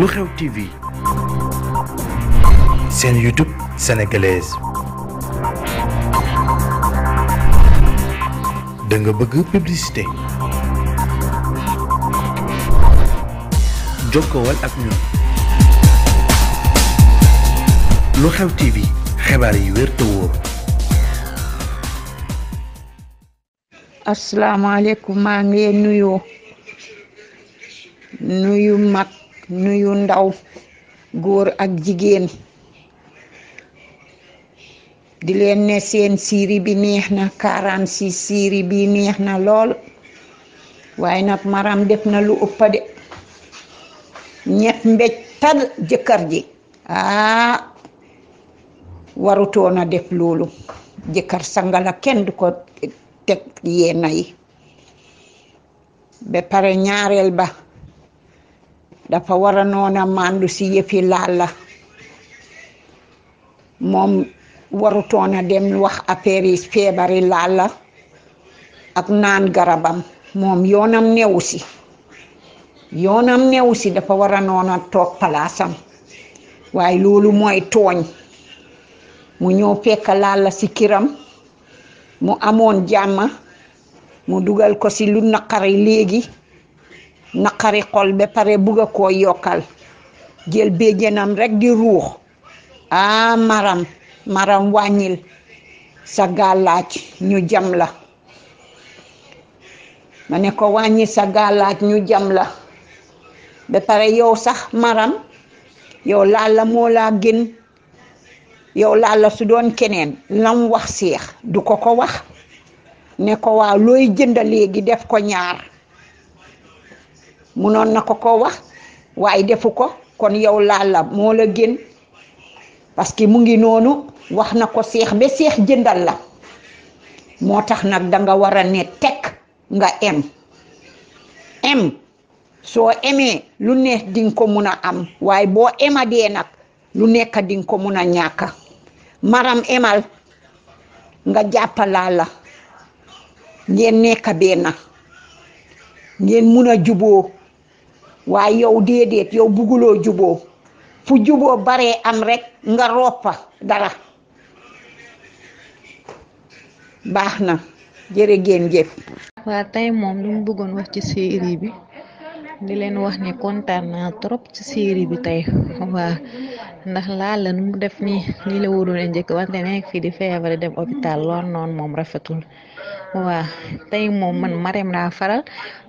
lu xew TV seen YouTube sénégalaise da bëgg publicité jokkowal ak ñun lu xew TV xibaar yi wér te wóor. asalaamaaleykum maa ngi nuyu nuyu mag. nuyu ndaw góor ak jigéen di leen ne seen série bi neex na 46 série bi neex na lool waaye nag maram def na lu ëpp de ñett mbéj tal jëkkër ji aa warutoon a def loolu jëkkër sangala kenn du ko teg yéena yi ba pare ñaareel ba dafa war a noon a mandu si yëfi Lalla moom warutoon dem wax affaire yi feebari Lalla ak naan garabam moom yoonam newu si yoonam newu dafa wara noona noon toog palaasam waaye loolu mooy tooñ mu ñëw fekk Lalla si kiram mu amoon jàmm mu dugal ko si lu naqari léegi naqari xol ba pare bugga a koo yokkal jël béjjénam rekk di ruux ah maram maram wàññil sa gàllaaj ñu jam la ma ne ko wàññi sa gàllaaj ñu jam la ba pare yow sax maram yow laal moo laa gën yow laal su doon keneen lam wax seex du ko ko wax ne ko waa looy jënd léegi def ko ñaar munoon na ko ko wax waaye defu ko kon yow Lalla moo la gën parce que mu ngi noonu wax na ko seex ba seex jëndal la moo tax nag danga war a ne tekk nga em em soo emee lu neex dinga ko mun a am waaye boo emadee nag lu nekk dinga ko mun a ñàkk maram emal nga jàppa la ngeen nekk benn ngeen mun a juboo waa yow déedéet yow bugguloo juboo fu juboo baree am rek nga roppa dara baax na jërë ngeen jëf waa tey moom li mu bëggoon wax ci série bi di leen wax ni kontaan na trop ci série bi tey waa ndax laal la nu mu def nii lii la waroon a njëkk wante nekk fii di feebare dem hôpital lool noonu moom rafetul waa tey moom man Marème laa faral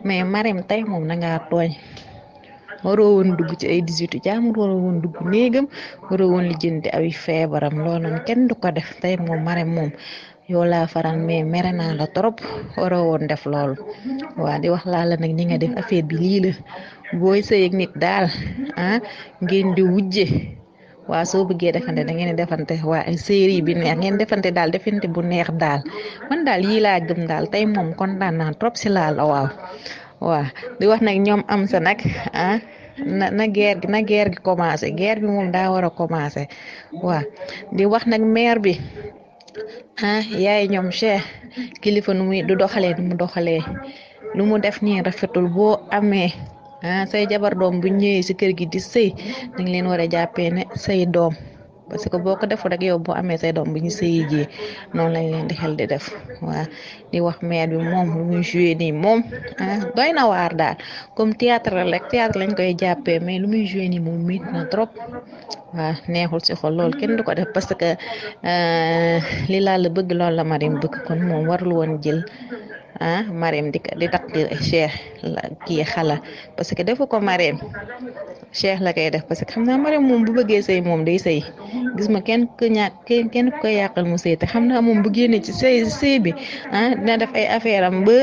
mais marim tey moom dangaa tooñ waroo woon dugg ci ay 18 jaamur waroo woon dugg néegam waroo woon lijjanti ay feebaram loolu nag kenn du ko def tey moom mare moom yow laa faral mais mere naa la trop waroo woon def loolu waa di wax laa la nag ñi nga def affaire bi lii la nit daal ah ngeen di wujje waa soo bëggee defante da ngeen defante waa ay série bi neex ngeen defante daal defante bu neex daal man daal yii laa gëm daal tey moom kontaan naa trop si laa la waaw waaw di wax nag ñoom am sa nag ah, na na guerre gi na guerre gi commencé guerre bi moom daa war a commencé waaw di wax nag maire bi ah yaay ñoom Cheikh kilifa nu muy du doxalee nu mu doxalee lu mu def nii rafetul boo amee ah say jabar doom bu ñëwee si kër gi di sëy dañ leen war jàppee ne say doom. parce que boo ko deful rek yow boo amee say doom bu ñu sëyi jii noonu lañ leen di def waa di wax maire bi moom lu muy joué nii moom ah doy na waar daal comme théâtre la rek théâtre lañ koy jàppee mais lu muy joué ni moom miit na trop waa neexul si xol lool kenn du ko def parce que euh, li laa la bëgg loolu la Marème bëgg kon moom warul woon jël. ah Marème di di taqdir Cheikh kii xala parce que defu ko Marème Cheikh la koy def parce que xam naa Marème moom bu bëggee sëy moom day sëy gis ma kenn ku ñàkk kenn ko koy yàqal mu sëy te xam naa moom bu génnee ci sëy sëy bi ah dina def ay affaire am ba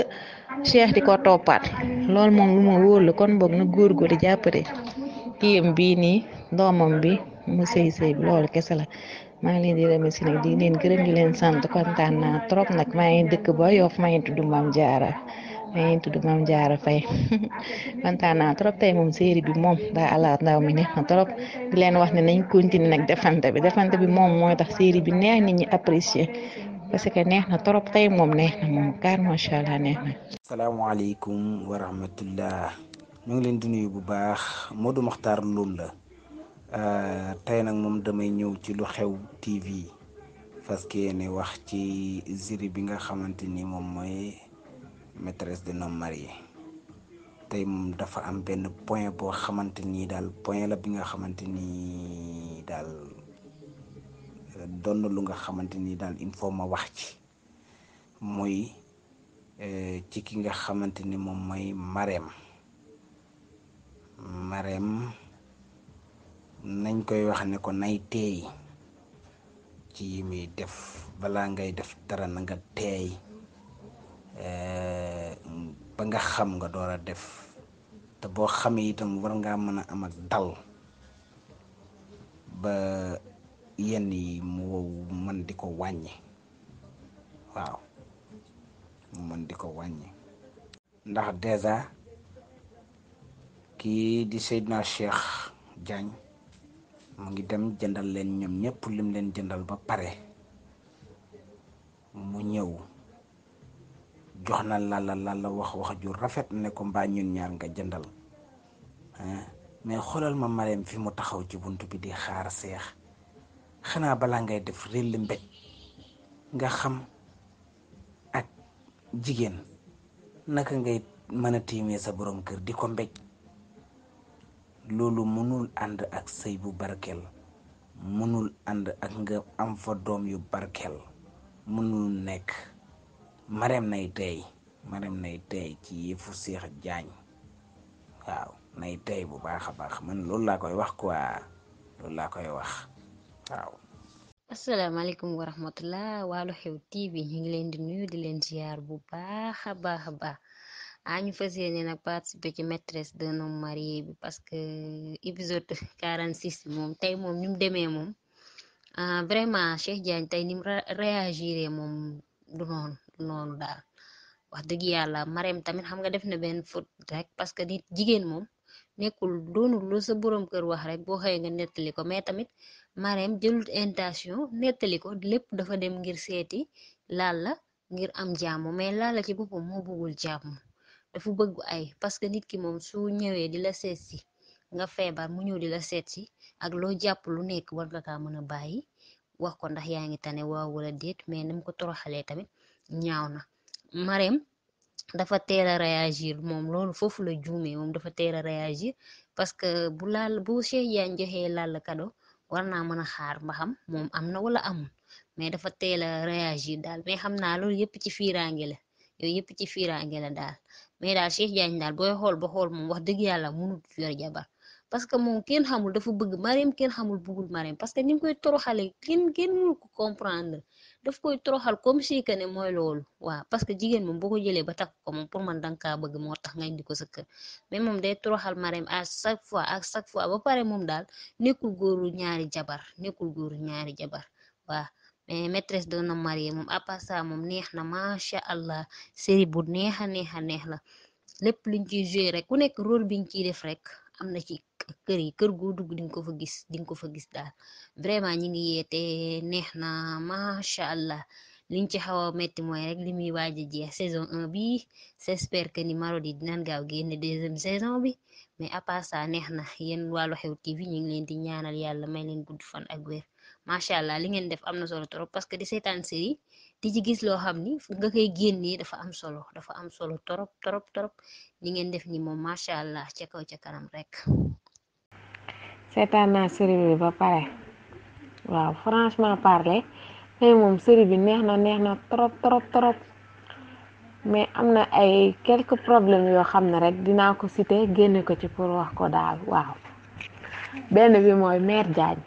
Cheikh di ko toppaat loolu moom lu ma wóor la kon boog na góor góor di jàppale kii bii nii ndoomam bi mu sëy sëy bi loolu kese la. maa ngi leen di remercier nag di leen gërëm di leen sant kontaan naa trop nag maa ngi dëkk ba Yoff maa ngi tuddu Mame Diarra maa ngi tudd Mame Diarra fay kontaan naa trop tey moom série bi moom daa ala ndaw mi neex trop di leen wax ne nañ continuer nag defante bi defante bi moom mooy tax série bi neex nit ñi apprécier parce que neex na trop tey moom neex na moom car macha allah neex na. salaamaaleykum wa rahmatullah ñu ngi leen di nuyu bu baax moodu Mokhtar Loum la. Euh, tey nag moom damay ñëw ci lu xew TV parce que ne wax ci jury bi nga xamante ni moom mooy maîtresse d'un homme marié tey moom dafa am benn point boo xamante ni daal point la bi nga xamante ni daal euh, doon na lu nga xamante ni daal il faut ma wax ci muy euh, ci ki nga xamante ni moom mooy Marème Marème. nañ koy wax ne ko nay teey ci yi def balaa ngay def dara nanga teey eh, ba nga xam nga doora def te boo xamee itam war ngaa mën a am ak dal ba yenn yi mu mën di ko wàññi waaw mu mën di ko wàññi ndax dèjà kii di Seydina Cheikh Diagne mu ngi dem jëndal leen ñoom ñëpp lim leen jëndal ba pare mu ñëw jox na lalla lalla wax wax ju rafet ne ko mbaa ñaar nga jëndal mais xoolal ma mareem fi mu taxaw ci bunt bi di xaar seex xanaa balaa ngay def réll mbéj nga xam ak jigéen naka ngay mën a tiimee sa borom kër di ko mbéj loolu mënul ànd ak sëy bu barkeel mënul ànd ak nga am fa doom yu barkeel mënul nekk marem nay tey marem nay tey ci yëfu Seex Jaañ waaw nay tey bu baax a baax man loolu laa koy wax quoi loolu laa koy wax waaw asalaamaaleykum wa rahmatullah waa Lu Xew TV ñu ngi leen di nuyu di leen ziar bu baax a baax a baax ah ñu fas yéene nag participer ci maîtresse de no marié parce que épisode 46 moom tey moom ni mu demee moom vraiment Cheikh Diagne tey ni mu réagir moom du noonu du noonu daal wax dëgg yàlla Marème tamit xam nga def na benn faute rek parce que di jigéen moom nekkul doonul lu sa borom kër wax rek boo xëyee nga nettali ko mais tamit Marème jëlut intention nettali ko lépp dafa dem ngir seeti laal la ngir am jàmm mais laal la ci boppam moo bëggul dafa bëgg ay parce que nit ki moom su ñëwee di la seet si nga feebar mu ñëw di la seet ak loo jàpp lu nekk war nga kaa mën a bàyyi wax ko ndax yaa ngi tane waaw wala déet mais ni ko toroxalee tamit ñaaw na Marème dafa teel a réagir moom loolu foofu la juumee moom dafa teel a réagir parce que bu laal bu Cheikh Diagne joxee laal kado war naa mën a xaar mba moom am na wala amul mais dafa teel a réagir daal mais xam naa loolu yëpp ci fiiraange yooyu yëpp ci fiiraange la daal mais daal Cheikh Diagne daal booy xool ba xool moom wax dëgg yàlla mënut yor jabar parce que moom kenn xamul dafa bëgg Marème kenn xamul bëggul Marème parce que ni mu koy toroxalee kenn kenn mënul ko comprendre daf koy toroxal comme si que ne mooy loolu waaw parce que jigéen moom boo ko jëlee ba takk ko moom pour man danga kaa moo tax nga indi ko sa moom day toroxal Marème à chaque fois à chaque fois ba pare moom daal nekkul góoru ñaari jabar nekkul góoru ñaari jabar mais maîtresse d'un homme marié moom à part ça moom neex na macha allah seri bu neex a neex a neex la lépp luñ ciy joué rek ku nekk rôle biñ ciy def rek am na ci kër yi kër goo dugg di ko fa gis di nga ko fa gis daal vraiment ñi ngi yeete neex na macha allah liñ ci xaw a metti mooy rek li muy waaj a jeex saison 1 ah, bi j'espère que ni Marodi dinañ gaaw génne deuxième saison bi mais à part ça neex na yéen wàllu xew TV ñu ngi leen ñaanal yàlla may leen gudd fan ak wér macha allah li ngeen def am na solo trop parce que di seetaan série di ci gis loo xam ni nga koy génnee dafa am solo dafa am solo trop trop trop li ngeen def ni moom macha allah ca kaw ca kanam rek. seetaan naa série bi ba pare waaw franchement parler tey moom série bi neex na neex na trop trop trop mais am na ay quelques problème yoo xam ne rek dinaa ko citer génne ko ci pour wax ko daal waaw benn bi mooy mère Diagne.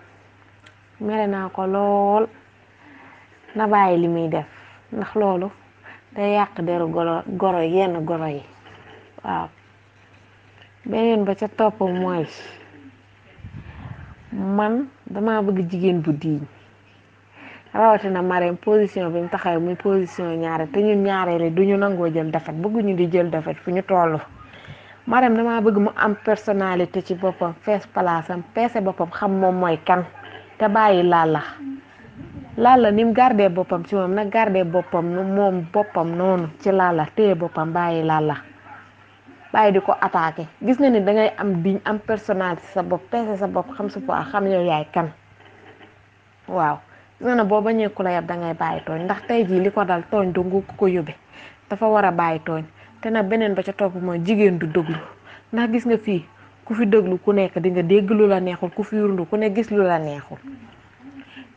mere naa ko lool na bàyyi li muy def ndax loolu day yàq deru golo goro yenn goro yi waaw beneen ba ca topp mooy man dama bëgg jigéen bu diiñ rawatina Marème position bi mu taxaw muy position ñaare te ñun ñaareeli du ñu nangoo jël defet bëgguñu di jël defet fu ñu toll Marème dama bëgg mu am personnalité ci boppam fees palaasam peese boppam xam moom mooy kan te bàyyi Lalla Lalla ni mu gardé boppam ci moom na gardé boppam moom boppam noonu ci Lalla téye boppam bàyyi Lalla bàyyi di ko attake gis nga ni dangay am diñ am personnalité sa bopp peese sa bopp xam su poids xam yow yaay kan waaw gis nga ne boo bañee la yab dangay bàyyi tooñ ndax tey jii li ko dal tooñ dungu ku ko yóbbe dafa war a bàyyi tooñ te nag beneen ba ca topp mooy jigéen du déglu ndax gis nga fii ku fi déglu ku nekk dinga nga dégg lu la neexul ku fi yurndu ku ne gis lu la neexul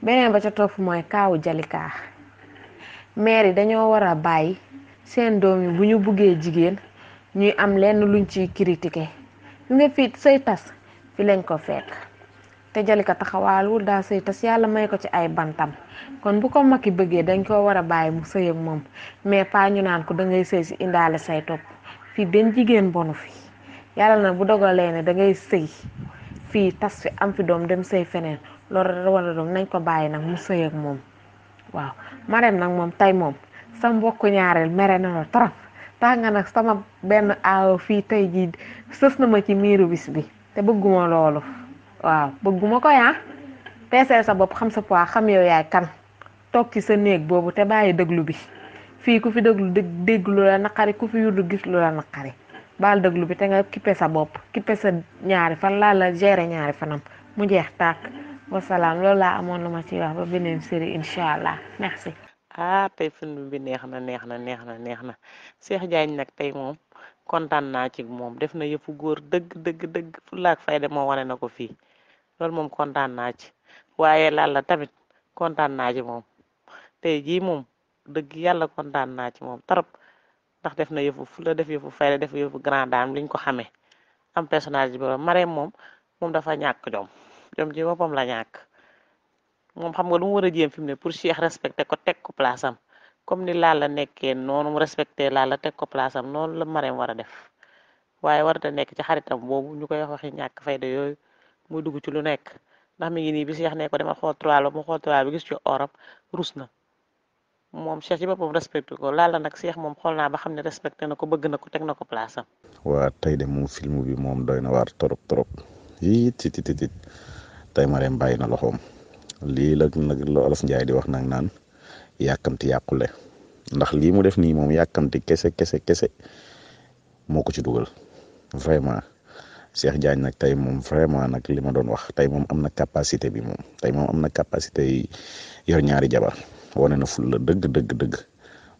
beneen ba ca topp mooy kaawu jalikaa maire yi dañoo war a bàyyi seen doom yi bu ñu buggee jigéen ñuy am lenn luñ ciy critiqué nga fii say tas fi lañ ko fekk te jalika taxawaalul daa sëy tas yàlla may ko ci ay bantam kon bu ko yi bëggee dañ ko war a bàyyi mu sëy ak moom mais pas ñu naan ko dangay sëy si indaale say topp fii benn jigéen bonu fi yàlla na bu dogalee ne da ngay sëy fii tas fi am fi doom dem sëy feneen loolu wala doom nañ ko bàyyi nag mu sëy ak moom waaw Marème nag moom tey moom sa mbokk ñaareel mere na la trop tax nga nag sama benn aaw fii tey jii sës na ma ci miiru bis bi te bëgguma loolu waaw bëgguma ko yaa teeseel sa bopp xam sa poids xam yow yaay kan toog ci sa néeg boobu te bàyyi déglu bi fii ku fi déglu déglu la naqari ku fi yudu gis lu la naqari baal déglu bi te nga kippe sa bopp kippe sa ñaari fan laal la gérer ñaari fanam mu jeex tàkk salaam loolu laa amoon lu ma ciy wax ba beneen série incha allah merci. ah tey film bi neex na neex na neex na neex na Cheikh Diagne nag tey moom kontaan naa ci moom def na yëfu góor dëgg dëgg dëgg fulaak fayda moo wane na ko fii loolu moom kontaan naa ci waaye laal Lalla tamit kontaan naa ci moom tey moom dëgg yàlla kontaan naa ci moom trop. ndax def na yëfu fu la def yëfu fay la def grand dame liñ ko xamee am personnage bi borom moom moom dafa ñàkk jom jom ji boppam la ñàkk moom xam nga lu mu war a jéem fi mu ne pour Cheikh respecté ko teg ko place am comme ni la nekkee noonu mu respecté Lalla teg ko place noonu la Marème war def waaye warata nekk ci xaritam boobu ñu koy wax waxi ñàkk fayda yooyu muy dugg ci lu nekk ndax mi ngi nii bi Cheikh ne ko dama xool trois la mu xool trois bi gis ci rus moom Cheikh ci boppam respecté ko laala nag Cheikh moom xool naa ba xam ne respecté na ko bëgg na ko teg na ko place am. waa tey de moom film bi moom doy na waar trop trop yii it it it tey ma dem bàyyi na loxoom lii la nag la olof Njaay di wax nag naan yàkkamti yàqule ndax lii mu def nii moom yàkkamti kese kese kese moo ko ci dugal vraiment Cheikh Diagne nag tey moom vraiment nag li ma doon wax tey moom am na capacité bi moom tey moom am na capacité yi yor ñaari jabar. wane na ful la dëgg dëgg dëgg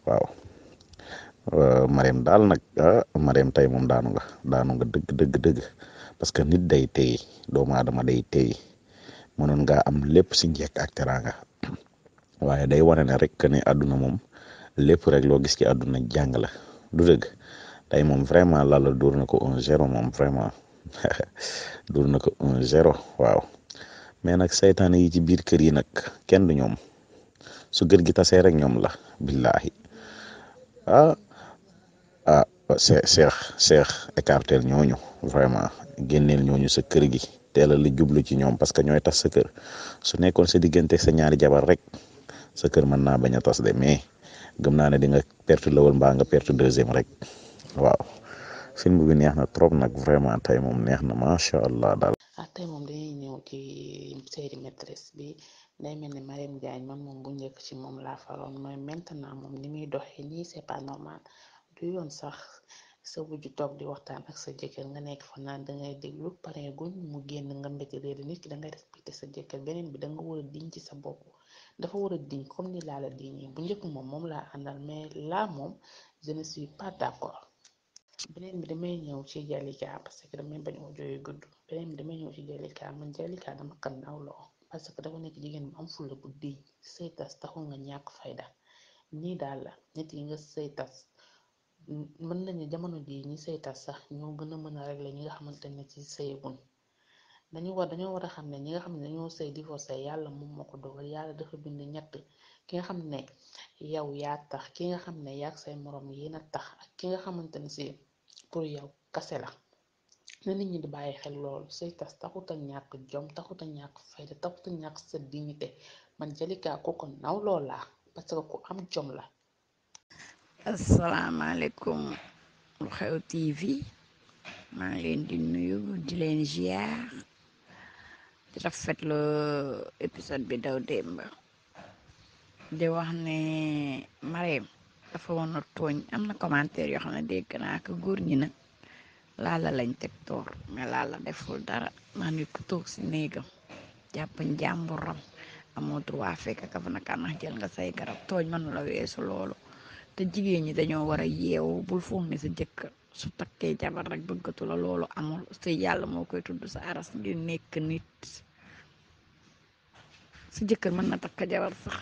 waaw euh, Marème daal nag ah Marème tey moom daanu nga daanu dëgg dëgg dëgg parce que nit day tey doomu aadama day tey mënoon ngaa am lépp si njëkk ak teraanga waaye day wane ne rek ne àdduna moom lépp rek loo gis ci àdduna jàng du dëgg tey moom vraiment lala dóor na ko un zéro moom vraiment dóor na ko un zéro waaw mais nag saytaane yi ci biir kër yi nag kenn du ñoom. su gën gi tasee rek ñoom la billahi ah ah seex seex écartel ñooñu vraiment génneel ñooñu sa kër gi teel a jublu ci ñoom parce que ñooy tas sa kër su nekkoon sa diggante sa ñaari jabar rek sa kër mën naa bañ a tas de mais gëm naa ne di perte lawal mbaa perte deuxième rek waaw film bi neex na trop nag vraiment tey moom neex na macha allah daal. Ah, ci série maîtresse bi day mel ni Mariam Diagne man moom bu njëkk ci moom laa faroon mooy maintenant moom ni muy doxee nii c'est pas normal du yoon sax sa wujju toog di waxtaan ak sa jëkkër nga nekk fa naan dangay déglu pareeguñ mu génn nga mbéti réer nit ki dangay respecté sa jëkkër beneen bi danga war a diñ ci sa bopp dafa war a diñ comme ni laa la diñee bu njëkk moom moom laa àndal mais laa moom je ne suis pas d'accord beneen bi damay ñëw ci beneen bi dama ñëw ci Jalika man Jalika dama kan naw loo parce que dafa nekk jigéen bu am fulla bu diñ say tas nga ñàkk fayda nii daal la nit yi nga say mën nañu jamono jii ñi say sax ñoo gën a mën a régler ñi nga xamante ne ci saygun dañu war dañoo war a xam ne ñi nga xam ne dañoo say divorcé yàlla moom moo ko dogal yàlla dafa bind ñett ki nga xam ne yow yaa tax ki nga xam ne yaa say moroom yéen a tax ki nga xamante ne si pour yow kase la na nit ñi di bàyyi xel loolu say tas taxut a ñàkk jom taxut a ñàkk fayda taxut a ñàkk sa dignité man Jalika ku ko naw lool parce que ku am jom la. asalaamaaleykum lu xew TV maa ngi leen di nuyu di leen ziar di rafetlu épisode bi daw démb di wax ne Marème dafa woon a tooñ am na commentaire yoo xam ne dégg naa ko góor ñi nag. laala lañ teg toor mais la deful dara maa nit ku toog si néegam jàpp njàmburam amoo droit fekk ka fa naka ndax jël nga say garab tooñ mënu la weesu loolu te jigéen ñi dañoo war a yeewu bul foog ne sa jëkkër su takkee jabar rek bëggatu la loolu amul te yàlla moo koy tudd sa aras ngir nekk nit sa jëkkër mën na takk jabar sax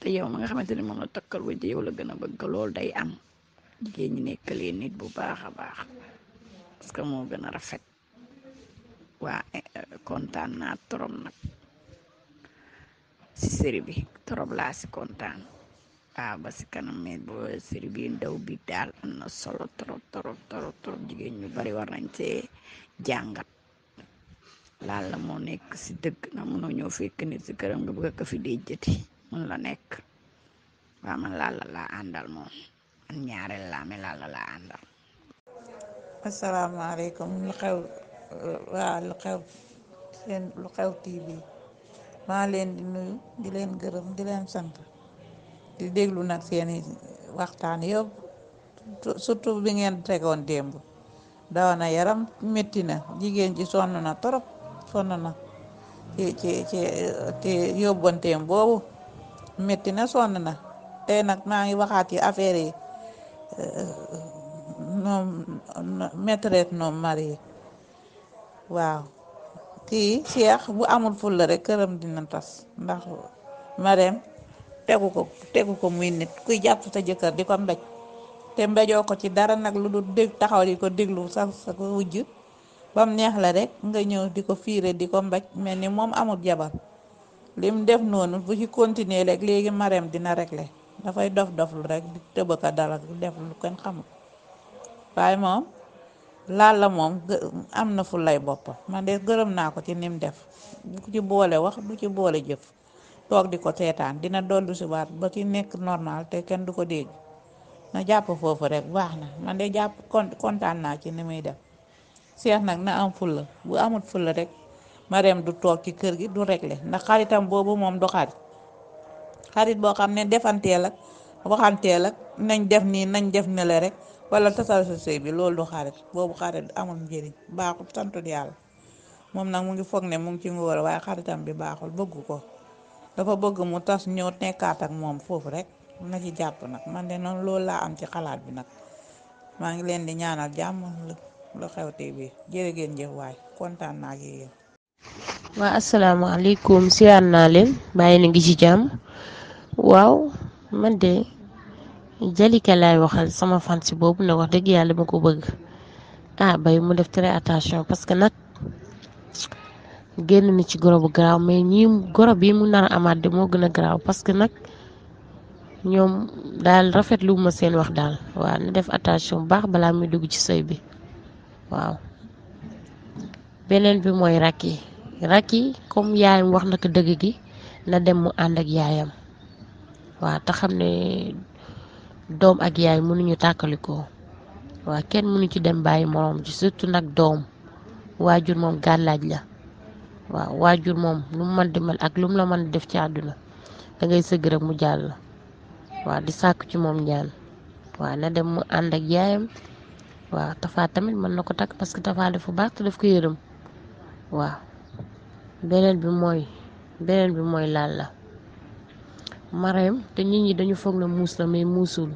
te yow ma nga xamante ni moom la takkal wëj yow la gën a bëgg loolu day am jigéen ñi nekkalee nit bu baax a baax parce que moo gën a rafet waa eh, kontaan naa trop nag si série bi trop laa ah, ba si kanam mais bo série bi ndaw bi daal am na solo trop trop trop trop ñu bari war nañ see jàngat laal la moo nekk si dëgg na mënoo ñëw fekk nit si këram nga bëgg ko fi dee jëti mun la nekk waaw man laal la laa àndal moom ñaareel laa laal la laa asalaamaaleykum lu xew waa lu xew lu xew TV maa leen di nuyu di leen gërëm di leen sant di déglu nag seeni waxtaan yëpp surtout bi ngeen tegoon démb daw na yaram metti na jigéen ji sonn na torop sonn na ci ci ci te yóbbanteem boobu métti na sonn na tey nag maa ngi waxaat ci affaire yi ñoom maîtresse ñoom marié waaw kii Cheikh bu amul fulla rek këram dina tas ndax mareem tegu ko tegu ko muy nit kuy jàpp sa jëkkër di ko mbéj te mbéjoo ko ci dara nag lu dul dég taxaw di ko déglu sax sa ko wujj bam neex la rek nga ñëw di ko fiire di ko mbéj mel ni moom amul jabar lim def noonu bu ci continuer rek léegi mareem dina régler dafay dof doflu rek di dala def lu kenn xamul waaye moom laal la moom am na fu lay boppam man de gërëm naa ko ci nim def bu ci boole wax bu ci boole jëf toog di ko seetaan dina dollu si waat ba ci nekk normal te kenn du ko déeg na jàpp foofu rek waax na man de jàpp kontaan naa ci ni muy def seex nag na am fulla bu amul fulla rek Marème du toog ci kër gi du réglé ndax xaritam boobu moom du xarit xarit boo xam ne defanteel ak waxanteel ak nañ def nii nañ def ne la rek wala tasal sa sëy bi lool du xarit boobu xarit amul njëriñ baaxul santul yàlla moom nag mu ngi foog ne mu ngi ci ngóor waaye xaritam bi baaxul bëgg ko dafa bëgg mu tas ñëw nekkaat ak moom foofu rek na ci jàpp nag man de noonu lool laa am ci xalaat bi nag maa ngi leen di ñaanal jàmm Lu Xew TV jërë ngeen jëf waay kontaan naa ci yéen. waa asalaamaaleykum siyaar naa leen bàyyi na ngi ci jàmm waaw man de. Jalika laay waxal sama fansi boobu na wax dëgg yàlla ma ko bëgg ah bay mu def très attention parce que nag génn na ci goro bu garaaw mais ñii goro bi mu nar a amaat de moo gën a garaaw parce que nag ñoom daal rafetlu ma seen wax daal waaw na def attention bu baax balaa muy dugg ci sëy bi waaw beneen bi mooy rakk yi rakki yi comme yaayam wax na dëgg gi na dem mu ànd ak yaayam waaw te xam ne doom ak yaay mënuñu tàkkalikoo waa kenn mënu ci dem bàyyi moom ci surtout nag doom waajur moom gàllaaj la waaw waajur moom lu mu mën di mel ak lu mu la mën di def ci àdduna da ngay sëgg rek mu jàll la waaw di sàkku ci moom ñaan waa na dem mu ànd ak yaayam waaw tafaa tamit mën na ko takk parce que Tafa dafa baax te daf ko yërëm waaw beneen bi mooy beneen bi mooy laal la mareem te nit ñi dañu foog na muus na mais muusul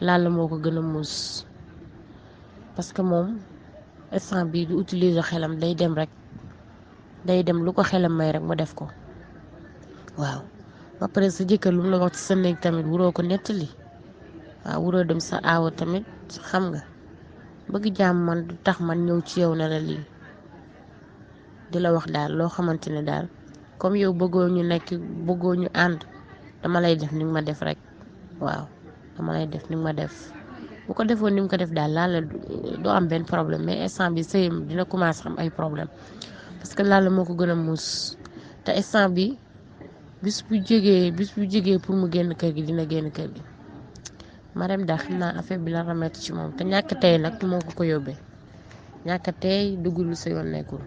Lalla moo ko gën a muus parce que moom instant bii du utilise xelam day dem rek day dem lu ko xelam may rek mu def ko waaw ba pare sa jëkkër lu mu la wax ci sa néeg tamit wuroo ko nettali waaw wuroo dem sa aawo tamit xam nga bëgg jàmm man du tax man ñëw ci yow ne la lii di la wax daal loo xamante ne daal comme yow bëggoo ñu nekk bëggoo ñu ànd dama lay def ni nga ma def rek waaw dama lay def ni ma def bu ko defoon ni mu ko def daal laala doo am benn problème mais instant bi sëyam dina commencé am ay problème parce que la moo ko gën a muus te instant bi bis bu jógee bis bu jógee pour mu génn kër gi dina génn kër gi marem daal xam naa affaire bi la remettre ci moom te ñàkk tey nag moo ko ko yóbbee ñàkk tey dugg sa yoon nekkul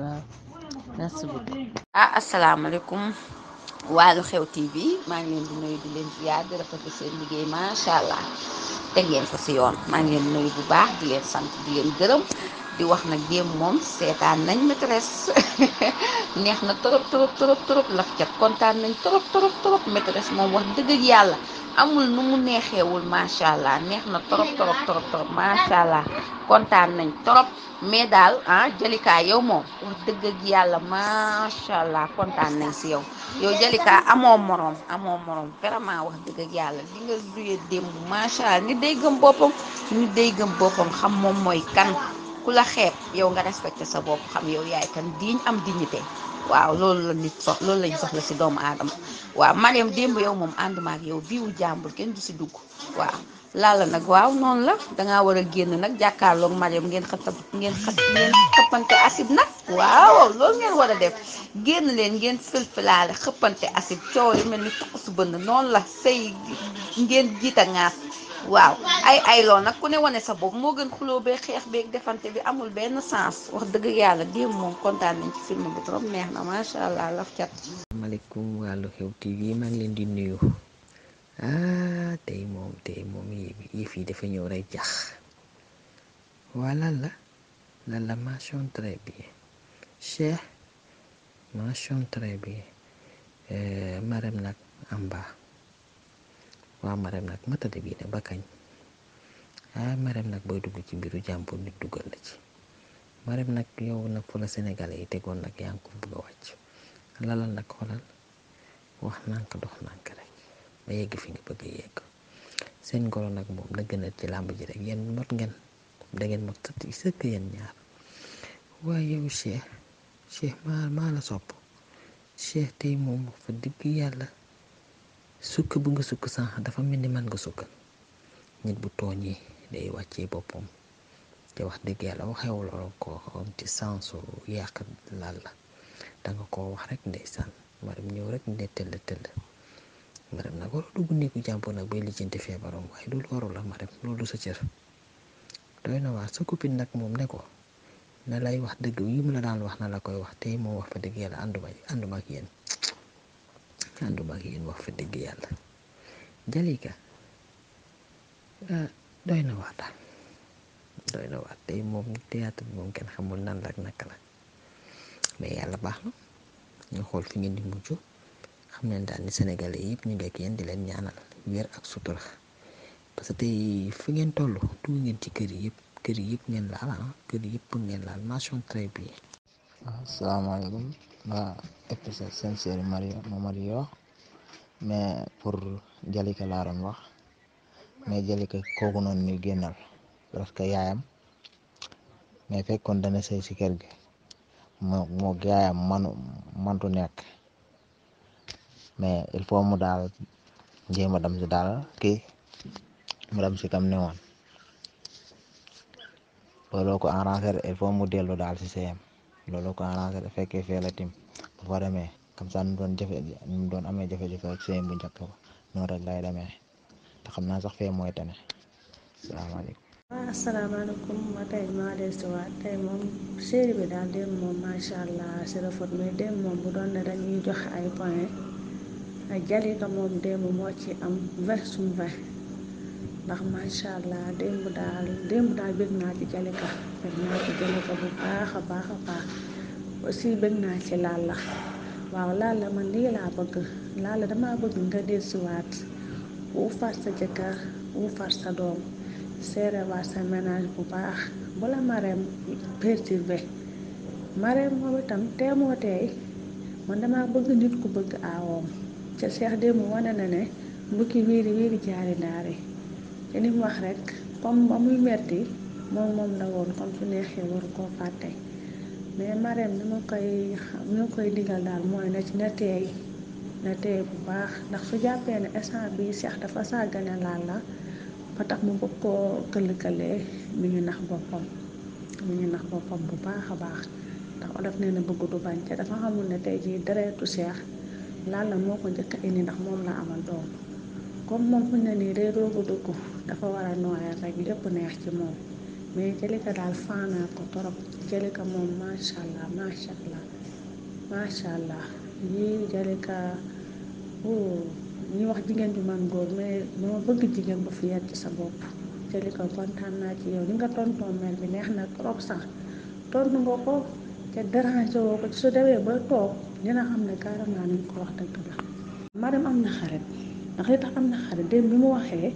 waaw merci beaucoup. ah asalaamaaleykum. waa lu xew TV maa ngi leen di nuyu di leen ziar di rafetlu seen liggéey macha allah teg ngeen ko si yoon maa ngi leen nuyu bu baax di leen sant di leen gërëm di wax na démb moom seetaan nañ maîtresse neex na trop trop trop trop kontaan nañ trop trop trop maîtresse moom wax dëgg yàlla amul nu mu neexeewul macha allah neex na trop trop trop trop macha allah kontaan nañ trop mais daal ah Jalika yow moom wax dëgg ak yàlla macha allah kontaan nañ si yow yow Jalika amoo morom amoo morom vraiment wax dëgg yàlla li nga joué démb macha nit day gëm boppam nit day gëm boppam xam moom mooy kan. ku la xeeb yow nga respecté sa bopp xam yow yaay kan diñ am dignité waaw loolu la nit sox loolu lañ soxla si doomu aadama waaw Mariam démb yow moom ànduma ak yow viwu jàmbur kenn du si dugg waaw laala nag waaw noon la danga war a génn nag jàkkaarloog Mariam ngeen xatab ngeen xat ngeen xëppante acide nag waaw loolu ngeen war a def génn leen ngeen filfilaale xëppante acide coow yi mel ni taq su bënn noonu la sëy ngeen jiita ŋaas waaw ay ayloo nag ku ne wone sa bopp moo gën xuloo bee xeex beeg defante bi amul benn sens wax dëgg yàlla démb moom kontaan nañ ci film bi trop neex na macha laf cat. asalaamaaleykum waa Lu Xew TV maa ngi leen di nuyu ah tey moom ñëw rek jax waa la lan la mention très bien Cheikh mention euh, nag am baax. waa Marème nag matadi bii ne ba kañ ah Marème nag booy dugg ci mbiru jàmbur nit dugg la ci Marème nag yow nag fu la Sénégalais yi tegoon nag yaa ngi ko bugg a wàcc lalal nag xoolal wax nànk dox nànk rek ba yegg fi nga bëgg a yegg seen ngoro nag moom la gën a ci làmb ji rek yéen mot ngeen da ngeen mot sëkk sëkk yéen ñaar waaye yow Cheikh Cheikh maa maa la sopp Cheikh tey moom fa digg yàlla. sukk bu nga sukk sànq dafa mel ni man nga sukk nit bu tooñee day wàccee boppam te wax dëgg yàlla waxewu la ko am ci sensu yàq laal la danga ko wax rek ndeysaan marim ñëw rek ne tëll tëll marim nag war a dugg néegu jàmbur nag bay lijjanti feebaram waaye loolu waru la marim loolu sa cër doy na waar sa copine nag moom ne ko na lay wax dëgg yi mu la daan wax na la koy wax tey moo wax fa dëgg yàlla ànduma ànduma ak yéen ànduma ak yéen wax fa dëgg yàlla Jalika ah, doy na waat daal doy na waat tey moom théâtre bi moom kenn xamul nan la ak naka la mais yàlla baax na ñu xool fi ngeen di mujj xam ne daal ni sénégalais yëpp ñu nekk yéen di leen ñaanal wér ak sutura parce que tey fi ngeen toll dugg ngeen ci kër yëpp kër yëpp ngeen laal am ah, kër yëpp ngeen laal mention très bien. asalaamaaleykum waa EPS seen série mais pour Jalika laa doon wax mais Jalika kooku noonu ñuy génnal parce que yaayam mais fekkoon dana sëy si kër gi moo mantu nekk mais il faut mu daal jéem a dem si daal kii mu dem kam ne woon looloo ko arrangé il faut mu dellu daal si sëyam looloo ko arrangé bu fekkee fee la tim bu fa demee comme ça nu doon nu doon amee jafe-jafe ak seen bu njëkk ba lay demee te xam naa sax fee mooy tane salaamaaleykum. waaw ah, asalaamaaleykum ma tey maa desuwaat moom série bi daal dem moom macha allah si rafet mais dem moom bu doon ne dañuy joxe ay point ay jalika moom dem moo ci am vingt sur ndax macha allah démb daal démb daal bëgg naa ci Jalika bu baax a baax a baax aussi bëgg naa ci Lalla waaw Lalla man lii laa bëgg Lalla damaa bëgg nga dellusiwaat wu far sa jëkkër wu far sa doom seerewaat sa ménage bu baax bu la mareem perturbé mareem moom itam teemoo tey man damaa bëgg nit ku bëgg aawoom ca Cheikh démb wane na ne mbukki wiiri wiiri jaari daari ci li wax rek comme ba muy metti moom moom la woon comme su neexee waru koo fàtte mais Marème ni ma koy ni ma koy diggal daal mooy na ci na teey na teey bu baax ndax su jàppee ne instant bi Cheikh dafa sàggane laal la ba tax mu bëgg koo këll-këlee mi ngi nax boppam mi ngi nax boppam bu baax a baax ndax olof nee na bëgg du bañ te dafa xamul ne tey jii deretu Cheikh laal la moo ko njëkk indi ndax moom la amal doom comme moom fu ne nii day doog a dugg dafa war a nooyal rek lépp neex ci moom mais Jalika daal faanaa ko trop torop Jalika moom macha allah macha allah macha allah yii Jalika oh, ñu wax jigéen ju man góor mais dama bëgg jigéen bu fi yar ci sa bopp Jalika kontaan naa ci yow ni nga tonton mel bi neex na trop sax tontu nga ko te déranger woo ko su demee ba toog dina am na carrément ni nga ko wax dëgg la madame am na xarit. ndax li tax am na xarit démb bi mu waxee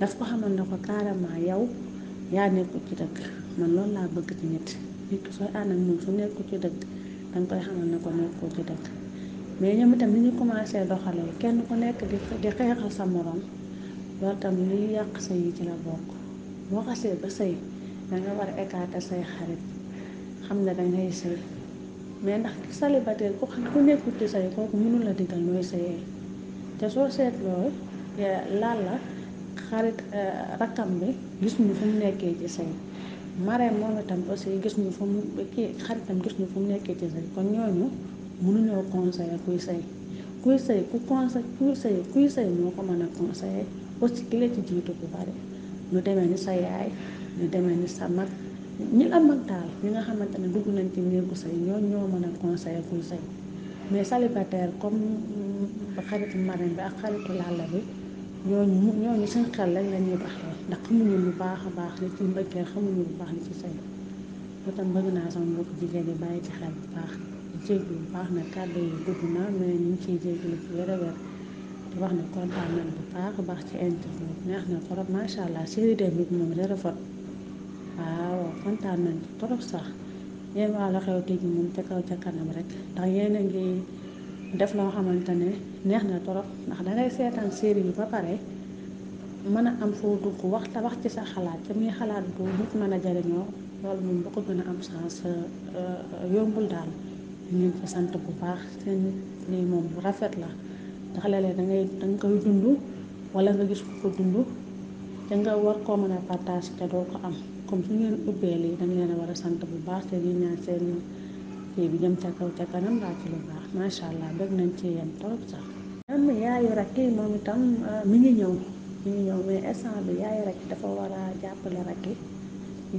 daf ko xamal ne ko carrément yow yaa nekkul ci dëgg man loolu laa bëgg ci nit nit ki sooy ànd ak moom su nekkul ci dëgg danga koy xamal na ko nekkul ci dëgg mais ñoom itam ni ñu commencé doxalee kenn ku nekk di di xeexal sa morom loolu tam li yàq sa ci la bokk boo xasee ba sëy da nga war a écarter say xarit xam ne dangay sëy mais ndax célibataire ku nekkul ci sëy kooku mënul la digal nooy sëyee te soo seetloo laal la xarit eh, rakkam bi gis ñu fu mu nekkee ci sëy Marème moom itam aussi gis ñu fu gis ñu fu nekkee ci sëy kon ñooñu mënuñoo conseiller kuy sëy kuy sëy ku conseil kuy sëy kuy sëy moo ko mën a conseiller aussi ki la ci jiitu bu bari ñu demee ni sa yaay ñu demee ni sa mag ñi la mag daal ñi nga xamante ne dugg nañ ci néegu sëy ñoo ñoo mën a conseiller kuy sëy mais célibataire comme xaritu marine bi ak xaritu làlla bi ñooñu ñooñu seen xel lañ la ñuy ndax xamuñu lu baax a baax li ci mbëggeel xamuñu lu baax li ci sëy loo tam bëgg naa sama mbokk jigéen yi bàyyi ci xel bu baax baax na kàddu yi gudd na mais ñu ngi ciy jéggi lu ci wér a wax na kontaan nañ bu baax a baax ci interview neex na trop macha allah série bi moom dara fot waaw kontaan nañ trop sax yéen waa la xew tigi moom ca kaw ca kanam rek ndax yéen a ngi def loo xamante ne neex na torop ndax dangay seetaan série bi ba pare mën a am foo dugg wax te wax ci sa xalaat te muy xalaat bu nit mën a jariñoo loolu moom bu ko gën a am sens euh, yombul daal ñu ngi sant bu baax seen lii moom rafet la ndax léeg-léeg da ngay da koy dund wala nga gis ko ko dund te nga war koo mën a partage te doo ko am comme su ngeen ubbee lii da ngeen a war a sant bu baax te yi naa seen kii bi jëm ca kaw ca kanam laa ci lu baax macha allah bëgg nañ ci yem trop sax. am yaayu rakk yi moom itam euh, mi ngi ñëw mi ngi ñëw mais bi yaayu rakk dafa war jàppale rakk yi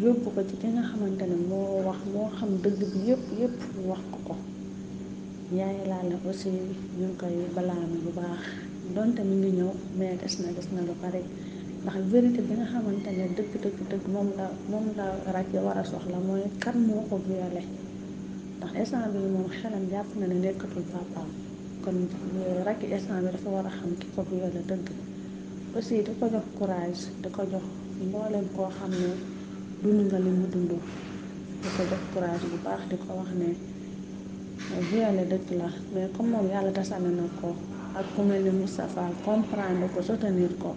yóbbu ko ci ki nga xamante ne moo wax moo xam dëgg bi yëpp yëpp wax ko ko yaay laa la aussi ñu koy balaa bu baax donte mi ngi ñëw mais des na gis na lu pare. ndax vérité bi nga xamante ne dëgg dëgg dëgg moom la moom la rajo war a soxla mooy kan moo ko violé ndax instant bi moom xelam jàpp na ne nekkatul papaam kon euh, rajo instant bi dafa war a xam ki ko violé dëgg aussi di ko jox courage di ko jox mbooleem koo xam ne dund nga li mu dund di ko jox courage bu baax di ko wax ne euh, violé dëgg la mais comme moom yàlla tasane na ko ak ku mel ni Moustapha comprendre ko soutenir ko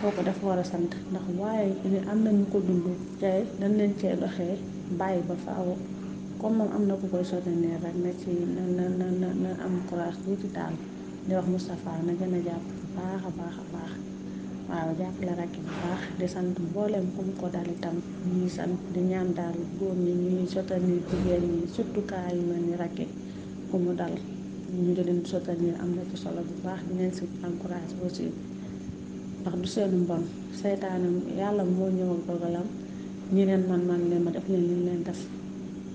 kooku dafa war a sant ndax waaye am na ñu ko dund te dañ leen cee doxee bàyyi ba faaw comme moom am na ko koy soutenir rek na ci na na na na am courage ci daal di wax Moustapha na gën a jàpp bu baax a baax a baax waaw la rakk bu baax di sant mboolem ku mu ko dal itam ñuy sant di ñaan daal góor ñi ñuy soutenir jigéen ñi surtout kaa yu mel ni rakk ku mu dal ñu di leen soutenir am na ci solo bu baax di leen si encourage aussi. ndax du seenu mbon seytaane yàlla moo ñëw ak dogalam ñi leen man man leen ma def leen li leen def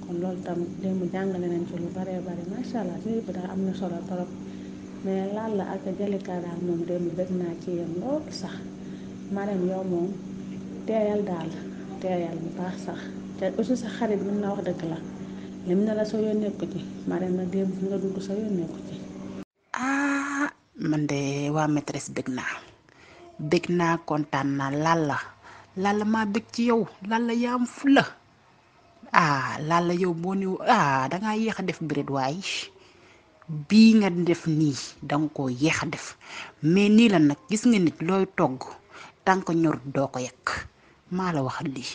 kon loolu tam démb jàngale nañ ci lu baree bari macha allah téere bi daal am na solo torop mais laal la ak Jalika daal moom démb bëgg naa ci yéen lool sax Marème yow moom teeyal daal teeyal bu baax sax te aussi sa xarit mën na wax dëgg la lim na la soo yónnee ci Marème nag démb fi nga dugg soo yónnee ci. ah man de waa maîtresse bëgg naa. bég naa kontaan naa Lalla Lalla maa bég ci yow Lalla yaa am fula ah Lalla yow boo ni ah dangaa yéex a def birit waay bii nga def nii danga koo yéex a def mais nii la nag gis nga nit looy togg tànk ñor doo ko yekk maa la wax lii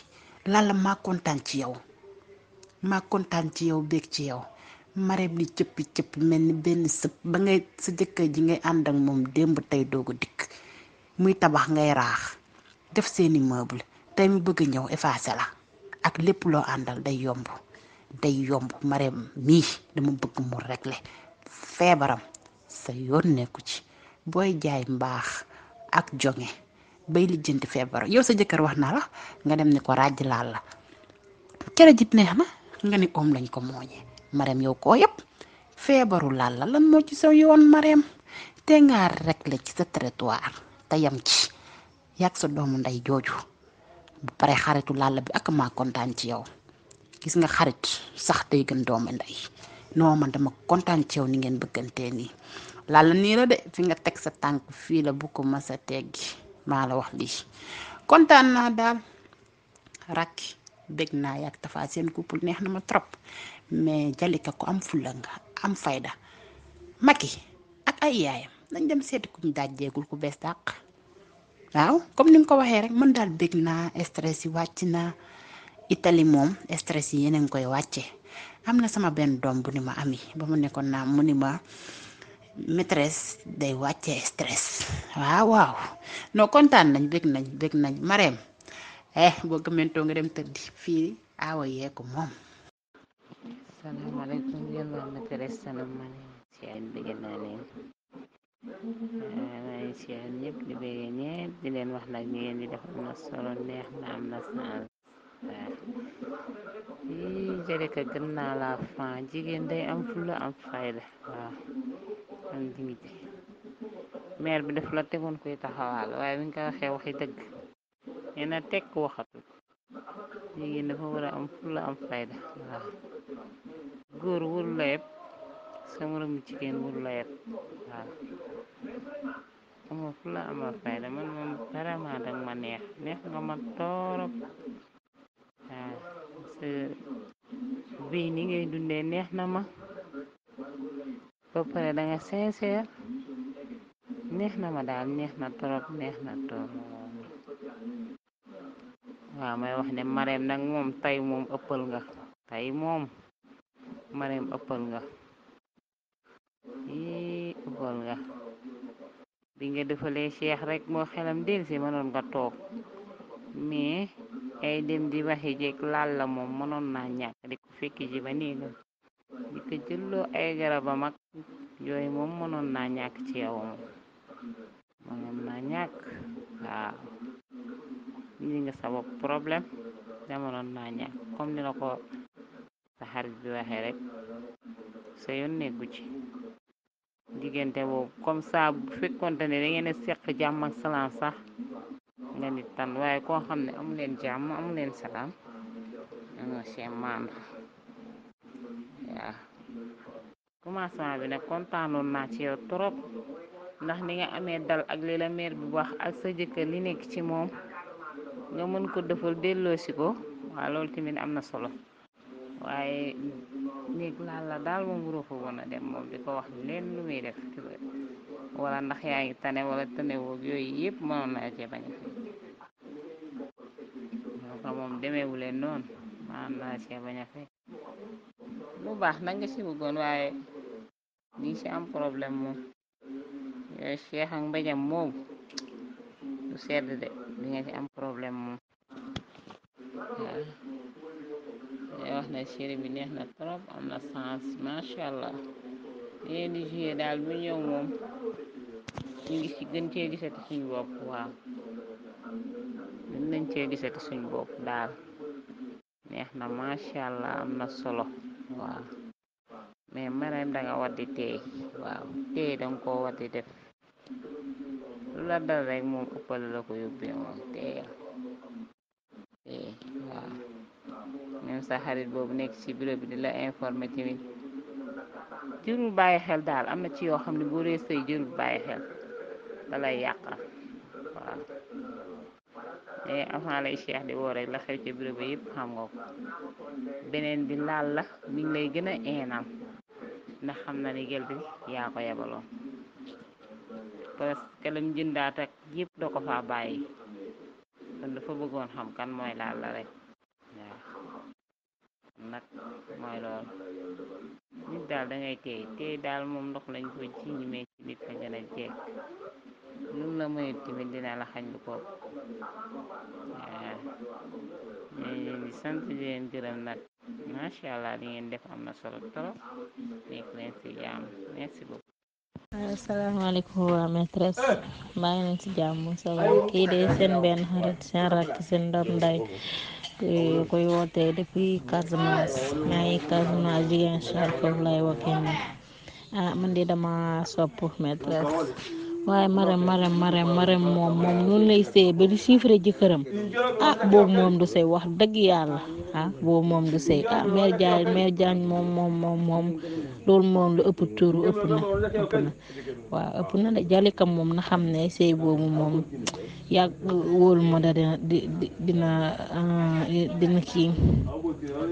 Lalla maa kontaan ci yow maa kontaan ci yow bég ci yow Marème ni cëppi cëppi mel ni benn sëb ba ngay sa jëkkër ji ngay ànd ak moom démb tey doogu dikk muy tabax ngay raax def seeni meuble tey mu bëgg ñëw effacé la ak lépp loo àndal day yomb day yomb mareem mii dama bëgg mu réglé feebaram sa yoon nekku ci booy jaay mbaax ak jonge bay lijjanti feebar yow sa jëkkër wax na la nga dem ni ko ràjj laal la cere jit neex na nga ni om lañ ko mooñee mareem yow ko yëpp feebaru laal la lan moo ci sa yoon mareem te nga réglé ci sa territoire teyam ci yàgg sa doomu ndey jooju bu pare xaritu lalla bi ak maa kontaan ci yow gis nga xarit sax day gën doomu ndey non man dama kontaan ci yow ni ngeen bëggantee nii lalla nii la de fi nga teg sa tànk fii la bu ko mas a teggi maa la wax lii kontaan naa daal rakki bëgg naa yàgg tafaa seen couple neex na ma trop mais jalika ko am fulla nga am fayda maki ak ay yaayam nañ dem seeti kuñ dajjeegul ku bees dàq waaw comme ni mu ko waxee rek man daal bég naa stress yi wàcc na Italie moom stress yi yeneen koy wàcce am na sama benn doom bu ni ma ami ba mu nekkoon naa mu ni ma maîtresse day wàcce stress waaw waaw non kontaan nañ bég nañ bég nañ mareem eh boo gëmentoo nga dem tëddi fii aawa yeeku ko moom maa ngi siyaar ñëpp di bëgge ñëpp di leen wax nag ñu ngeen di def am na solo neex na am na sens waaw yii Jalika gën naa la fan jigéen day am fulla am fayda waaw am dignité maire bi daf la tegoon koy taxawaal waaye bi nga ko waxee waxi dëgg nee na tekk waxatul jigéen dafa war am fulla am fayda waaw góor wóor la yëpp sa moromu jigéen wul la yet waaw amoo fulla amoo fayda man moom vraiment danga ma neex neex nga ma torop waaw parce que ni ngay dundee neex na ma ba pare danga sincère neex na ma daal neex na torop neex na torop waaw may wax ne mareem nag moom tey moom ëppal nga tey moom mareem ëppal nga yi gol bi nga defalee cheikh rek moo xelam del si mënoon nga toog mais ay dem di waxi jeeg laal la moom mënoon naa ñàkk di ko fekki ji ba néegam di ko jëlloo ay mag yooyu moom mënoon naa ñàkk ci yow moom mënoon naa ñàkk waaw indi nga sa problème da mënoon naa ñàkk comme ni la ko sa xarit bi waxe rek sa yoon nekku ci diggante boobu comme saabu bu fekkonte da ngeen a seq jàmm ak salaam sax nga nit tan waaye koo xam ne amu leen jàmm amu leen salaam nga seen maandu waaw commencement bi nag kontaanoon naa ci yow trop ndax ni nga amee dal ak li meer bi wax ak sa jëkkër li nekk ci moom nga mën ko defal delloosi ko waa loolu tamit am na solo waaye néeg laal la daal moom waroo fa dem moom di ko wax leen lu muy def wala ndax yaa ngi tane wala tanewoog yooyu yëpp mënoon naa cee bañ a moom demeewu leen noonu mënoon naa bañ a fekk lu baax na nga ci bëggoon waaye ñi ci am problème moom yooyu Cheikh ak mbéjam moom lu sedd de di nga ci am problème moom wax na série bi neex na trop am na sens macha allah léen di joué daal bu ñëw moom ngi ci gën cee gisati suñ bopp waaw gën cee gisati suñu daal neex na macha allah am na solo waaw mais mareem danga war di teey waaw teey danga koo war di def lu la dal rek moom ëppale la ko yóbbee moom teeyal tamit sa xarit boobu nekk ci bureau bi di la informer tamit jërul bàyyi xel daal am na ci yoo xam ne boo dee sëy jërul bàyyi xel da lay yàqal waaw avant lay cheikh di woor rek la xew ci bureau bi yëpp xam nga beneen bi laal la mi lay gën a eenal ndax xam na ni gel bi yaa ko yebaloon parce que lam jëndaat ak yëpp da ko faa bàyyi kon dafa bëggoon xam kan mooy laal la rek nag mooy loolu nit daal dangay teey teey daal moom ndox lañ ko ci ñimee ci nit ka gën a jeeg lu mu la mayut tamit dina la xañ lu ko waaw ñu di allah li ngeen def am na solo trop nekk leen si jàmm merci beaucoup asalaamaaleykum waa maîtresse baa ngi leen si jàmm solo kii de seen benn xarit seen rakk seen doom nday koy wootee depuis Casamance maa ngi Casamance jigéen char foofu lay wakkee ah man de dama sopp maîtresse waaye maram maram maram maram moom moom noonu lay sëy ba di chiffre jëkkëram ah boobu moom du sëy wax dëgg yàlla ah boobu moom du sëy ah mère Diagne moom moom moom moom loolu moom lu ëpp tuuru ëpp na ëpp na Jalika moom na xam ne sëy boobu moom yàgg wóolu da dina dina ah, dina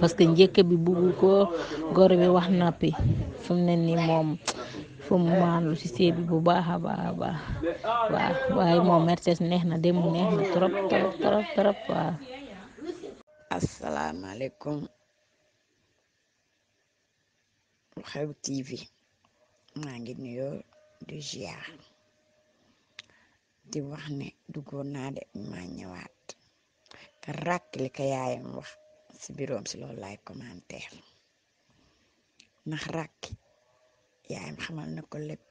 parce que njëkk bi bugg ko góor wax nappi fi mu moom fu mu maanlu si sëy bu baax a baax a baax waaw waaye moom Mercedes neex na dem neex na trop trop trop trop waaw. asalaamaaleykum Xew TV maa ngi nuyoo du ziar di wax ne duggoon naa de maa ñëwaat ka ràkk li ka yaayam wax si biroom si loolu laay commentaire ndax ràkk yaayam xamal na ko lépp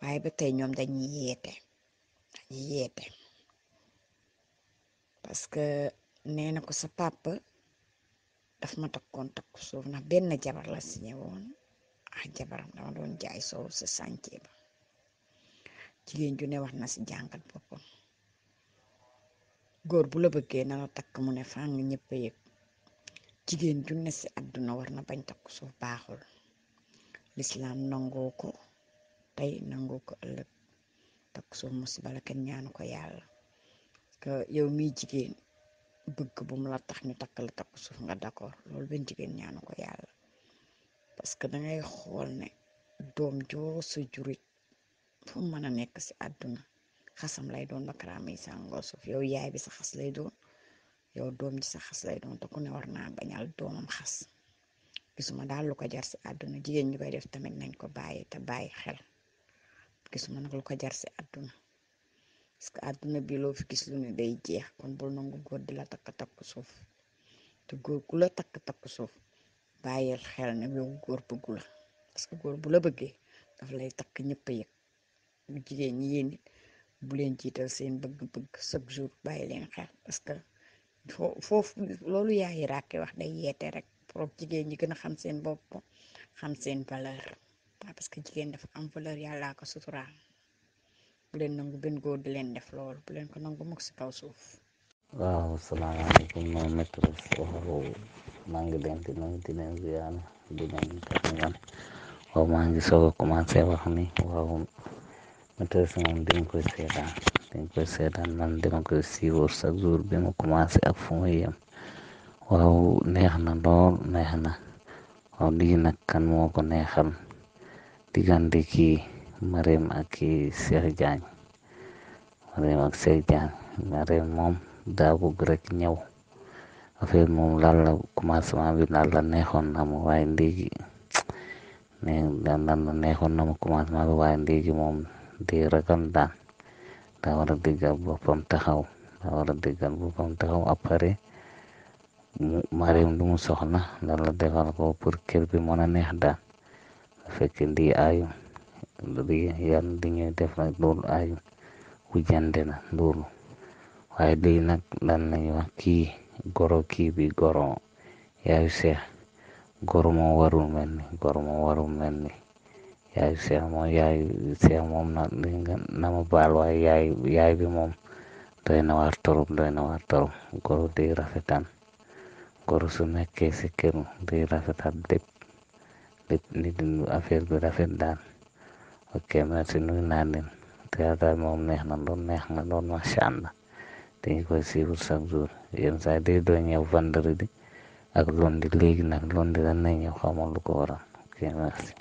waaye ba tey ñoom dañ yeete dañuy yeete parce que nee na ko sa papa daf ma takkoon takku suuf na benn jabar la signé woon ah jabaram dama doon jaay soow sa sànce ba jigéen ju ne wax na si jàngat boppam góor bu la bëggee na la takk mu ne fang ñëpp a yëg jigéen ju ne si àdduna war na bañ takku suuf baaxul lislaam nangoo ko tey nangoo ko ëllëg takk soo musiba la kenn ñaanu ko yàlla que yow miy jigéen bëgg bu mu la tax ñu takk la takk suuf nga d'accord loolu benn jigéen ñaanu ko yàlla parce que dangay xool ne doom joo sa jurit fu mën a nekk si àdduna xasam lay doon bakaraama yi sàngoo suuf yow yaay bi sa xas lay doon yow doom ji sa xas lay doon te ku ne war naa bañal doomam xas gisuma daal lu ko jar si àdduna jigéen ñi koy def tamit nañ ko bàyyi te bàyyi xel gisuma nag lu ko jar si àdduna parce que àdduna bi loo fi gis lu ne day jeex kon bul nangu góor di la takk takk suuf te góor gu la takk takk suuf bàyyil xel ne yow góor bëggu la parce que góor bu la bëggee daf lay takk ñëpp yëg bu jigéen ñi yéen it bu leen jiital seen bëgg-bëgg chaque jour bàyyi leen xel parce foofu loolu yaayi ràkke wax day yeete rek trop jigéen ñi gën a xam seen bopp xam seen valeur waaw parce que jigéen dafa am valeur yàllaa ko suturaal bu leen nangu benn góor di leen def lool bu ko nangu mukk si kaw suuf. waaw salaamaaleykum moom maîtresse waaw maa ngi leen di nuyu di leen waaw maa ngi soog a commencé wax ni waaw maîtresse moom dañ koy seetaan dañ koy seetaan man dama koy siiwoo chaque jour bi ma commencé ak fu muy yem. waaw neex na lool neex na waaw nag kan moo ko neexal diggante kii Marème ak kii Cheikh Diagne ak Cheikh Diagne Marème moom daa bëgg rek ñëw affaire moom lan la commencement bi lan neexoon na ma waaye léegi ne lan la na ma commencement bi waaye léegi moom di ragal daan daa war a boppam taxaw daa war a boppam taxaw après mu marim lu mu soxla Yàlla defal ko pour kër bi mën neex daal fekk ndi ayu li Yàlla di ñuy def nag loolu ayu wujjante na loolu waaye lii nag lan nañu wax kii goro kii bi goro yaayu seex goro moo warul mel ni goro moo warul mel ni yaayu seex moom yaayu seex moom na baal waaye yaay bi moom doy na waar torop doy na waar torop goro di rafetaan koor su nekkee si kër di rafetal lépp lépp nit ñi affaire bi rafet daal ok merci nuyu naa leen théâtre moom neex na lool neex na lool macha allah dañu koy suivre chaque jour yenn saa day doon ñëw vendredi ak lundi léegi nag lundi lan na ñëw xamal lu ko waral ok merci.